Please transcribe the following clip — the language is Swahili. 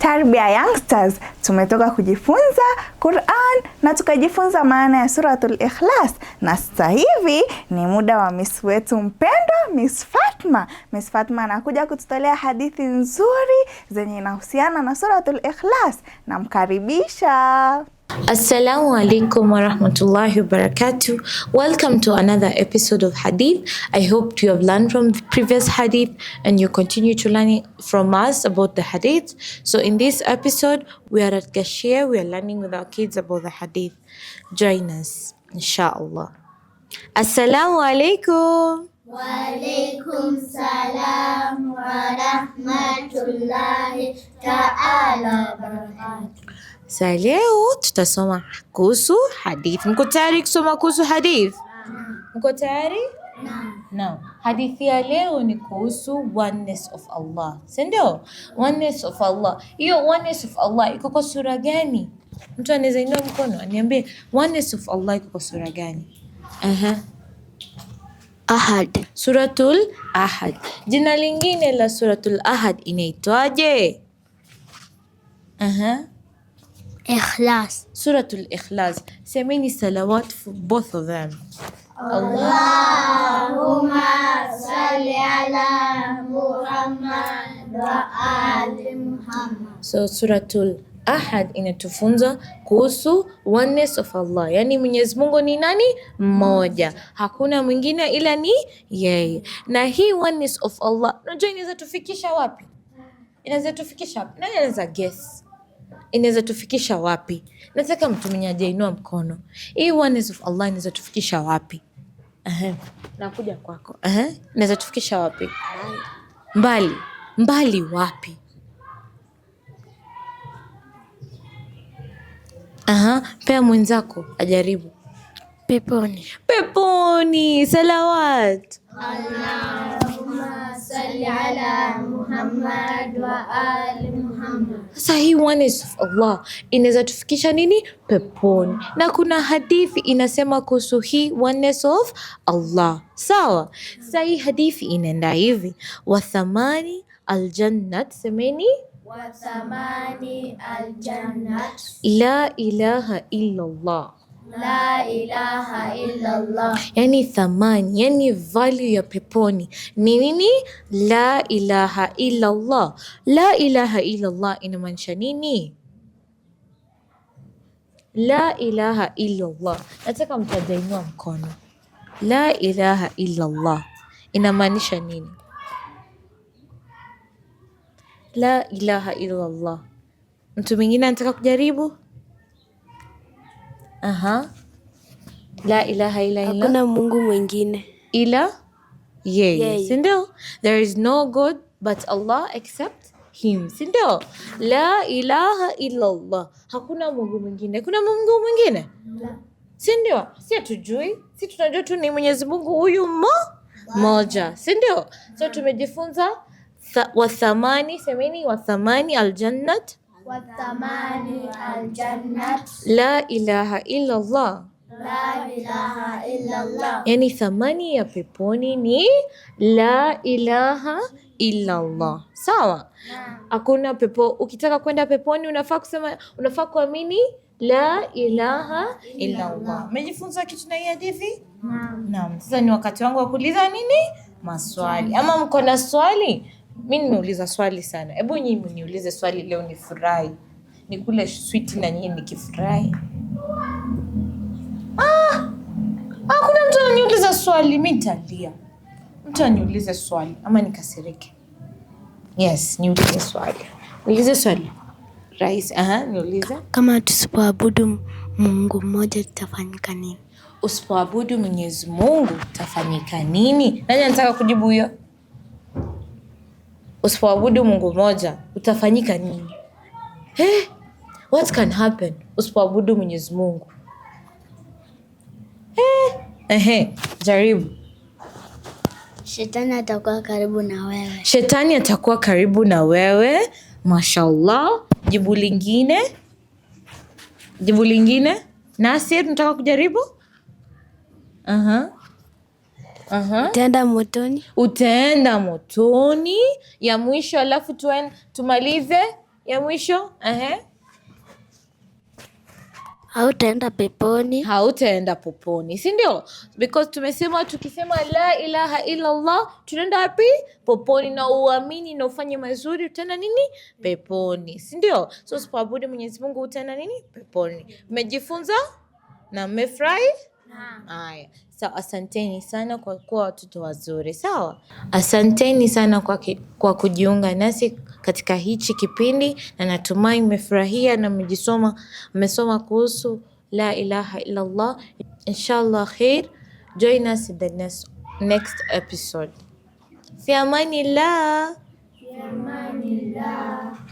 Tarbia Youngsters tumetoka kujifunza Quran na tukajifunza maana ya Suratul Ikhlas, na sasa hivi ni muda wa Miss wetu mpendwa Miss Fatma. Miss Fatma anakuja kututolea hadithi nzuri zenye inahusiana na Suratul Ikhlas. Namkaribisha. Assalamu alaikum warahmatullahi barakatuh. Welcome to another episode of Hadith. I hope you have learned from the previous Hadith and you continue to learn from us about the Hadith. So, in this episode, we are at Gashia. We are learning with our kids about the Hadith. Join us, inshallah. Assalamu alaikum. وعليكم السلام ورحمة الله تعالى Sa leo tutasoma kuhusu hadithi. Mko tayari kusoma kuhusu hadithi? Mko tayari? Naam. Hadithi ya leo ni kuhusu oneness of Allah, si ndio? Oneness of Allah. Hiyo oneness of Allah iko kwa sura gani? Mtu anaweza inua mkono aniambie oneness of Allah iko kwa sura gani? Aha. Ahad. Suratul Ahad. Jina lingine la Suratul Ahad inaitwaje? Aha. Ikhlas. Suratul Ikhlas. Semeni salawat for both of them. Allahumma salli ala Muhammad wa ali Muhammad. So Suratul Ahad inatufunza kuhusu oneness of Allah, yaani Mwenyezi Mungu ni nani? Mmoja, hakuna mwingine ila ni yeye. Na hii oneness of Allah unajua inaweza tufikisha wapi? Inaweza tufikisha wapi? Nani anaweza guess? inaweza tufikisha wapi? Nataka mtu mwenye ajainua mkono, hii oneness of Allah inaweza tufikisha wapi? Aha, nakuja kwako. Aha, inaweza tufikisha wapi? Mbali mbali wapi? Aha, pea mwenzako ajaribu. Peponi, peponi. Salawat. Allahumma salli ala Muhammad wa ali sasa hii one of Allah inaweza tufikisha nini peponi, na kuna hadithi inasema kuhusu hii oneness of Allah. Sawa, sasa hii hadithi inaenda hivi, wathamani aljannat, semeni wathamani aljannat la ilaha illallah la ilaha illallah. Yani thamani, yani value ya peponi ni nini? La ilaha illallah. La ilaha illallah inamaanisha nini? La ilaha illallah, nataka mtajainua mkono. La ilaha illallah inamaanisha nini? La ilaha illallah. Mtu mwingine anataka kujaribu? Aha. La ilaha ila ila. Hakuna Mungu mwingine ila yeye, si ndio? There is no God but Allah except him, si ndio? La ilaha ila Allah, hakuna Mungu mwingine. Kuna Mungu mwingine si ndio? Si hatujui, si tunajua tu ni Mwenyezi Mungu huyu mmoja, si ndio? So tumejifunza wathamani, semeni wa wathamani aljannat wa aljannat. La ilaha illa Allah. La ilaha illa Allah. Yani thamani ya peponi ni la ilaha illa Allah. Sawa? Hakuna pepo. Ukitaka kwenda peponi unafaa kusema, unafaa kuamini la ilaha illa Allah. Umejifunza kitu na hii hadithi? Naam. Naam. Sasa ni wakati wangu wa kuuliza nini? Maswali. Ama mko na swali? Mi nimeuliza swali sana. Hebu nyi mniulize swali leo nifurahi, nikule switi na nyinyi nikifurahi. Ah, ah, kuna mtu ananiuliza swali, mi nitalia. Mtu aniulize swali ama nikasirike? Yes, niulize swali, niulize swali rais. Aha, niulize. Kama tusipoabudu Mungu mmoja tutafanyika nini? Usipoabudu Mwenyezi Mungu utafanyika nini? Nani anataka kujibu hiyo? usipoabudu Mungu mmoja utafanyika nini? Eh, what can happen usipoabudu Mwenyezi Mungu? Eh, ehe, jaribu. Shetani atakuwa karibu na wewe. Shetani atakuwa karibu na wewe. Mashallah. Jibu lingine, jibu lingine. Nasir, nataka kujaribu. Aha. Utaenda motoni, utaenda motoni. Ya mwisho alafu tuen, tumalize ya mwisho Hautaenda peponi, hautaenda poponi, si ndio? Because tumesema tukisema la ilaha ilallah tunaenda wapi? Poponi. Na uamini na ufanye mazuri, utaenda nini? Peponi, sindio So sipoabudi mwenyezimungu utaenda nini? Peponi. Mmejifunza na mmefurahi? Haya, sawa. Asanteni sana kwa kuwa watoto wazuri. Sawa, asanteni sana kwa, ki, kwa kujiunga nasi katika hichi kipindi, na natumai mmefurahia na mmejisoma, mmesoma kuhusu la ilaha illallah. Inshallah khair, join us in the next, next episode. Fi amanillah. Fi amanillah.